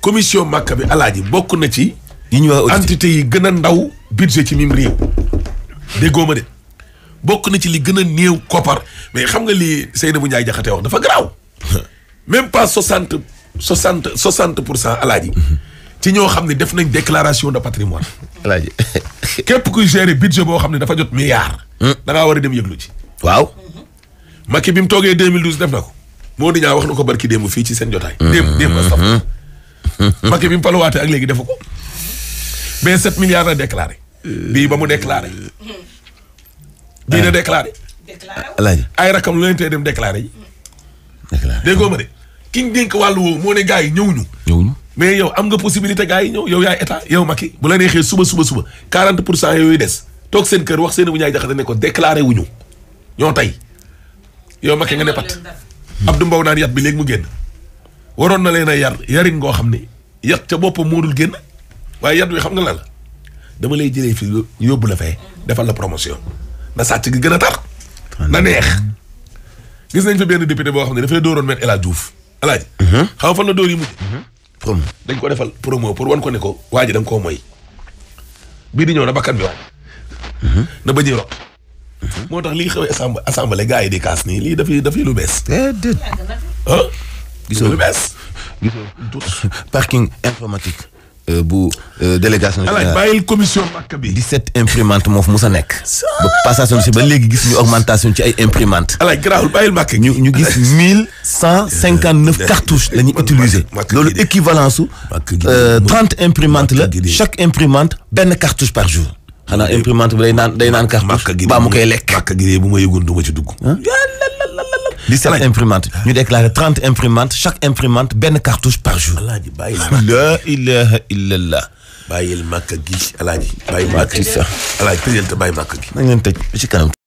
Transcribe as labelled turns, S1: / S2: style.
S1: commission màkk bi alaaji bokk na ci. yi ñu wax entité yi gën a ndaw budget ci mim réew. déggoo ma de bokk na ci li gën a néew koppar mais xam nga lii li Seydou Ndiaye jaxate wax dafa garaaw. même pas soixante soixante soixante pour cent alaaji. Mhm. ci ñoo xam ne def nañ déclaration de patrimoine alaaji képp kuy gérer budget boo xam ne dafa jot milliard. Hmm. da war a dem yëglu ci. waaw. Macky bi mu toogee 2012 def na ko. moo di ñaa wax na ko barki démb fii ci seen jotaay. Hmm. démb hmm. Macky bi mu faluwaatee ak léegi defu ko. mais set milliards la déclaré. bii ba mu déclaré. bii na déclaré. déclaré ay rakam lu leen tee dem déclaré yi. déclaré déggoo ma de ki dénk wàllu woowu moo ne gars yi ñëwuñu. ñëwuñu mais yow am nga possibilité gars yi ñëw yow yaay état yow Macky bu la neexee suba suba suba 40 pour cent yooyu des toog seen kër wax seen bu ñaay jaxase ne ko déclaré wuñu ñoo tey yow Macky nga ne pat. Abdou Mbow naan yat bi léegi mu génn. waroon na leen a yar yarin ngoo xam ni. yat ca boppam moo dul génn waaye yat wi xam nga la la dama lay jëlee fii yóbbu la fee defal la promotion na sàcc gi gën a tar na neex gis nañ fa benn député boo xam ne dafay dooroon met El Hadj Diouf El Hadj mhm. fan la dóor yi mujj mhm. dañ ko defal promo pour wan ko ne ko waa ji da koo mooy bii di ñëw na bakkan bi wax mhm. na bañuy rot moo tax lii xewee assemblée assemblée gars yi di kaas nii lii dafay dafay lu bees ah gisoo lu bees gisoo parking informatique. Euh, bu euh, délégation. alaaj bàyyil commission makka bi. 17 imprimante moo musa nek ba passation ci ba légui gis ñu augmentation ci ay imprimante. alaaj garaawul bàyyil makka ñu ñu gis mille euh, cartouches lañu utiliser. lolu équivalence su. trente imprimante la chaque imprimante ben cartouche par jour. xana imprimante bi day naan day naan cartouche. ba mu koy lek makka gi bu ma yëgoon du ci dugg. Hein? 17 imprimantes ñu déclaré 30 imprimantes chaque imprimante benn cartouche par jour. alaaji bàyyi la ilaha illallah. bàyyil màkk gi alaaji bàyyi màkk gi alaaji tëjal te bàyyi màkk gi. nañ leen tëj ci kanam.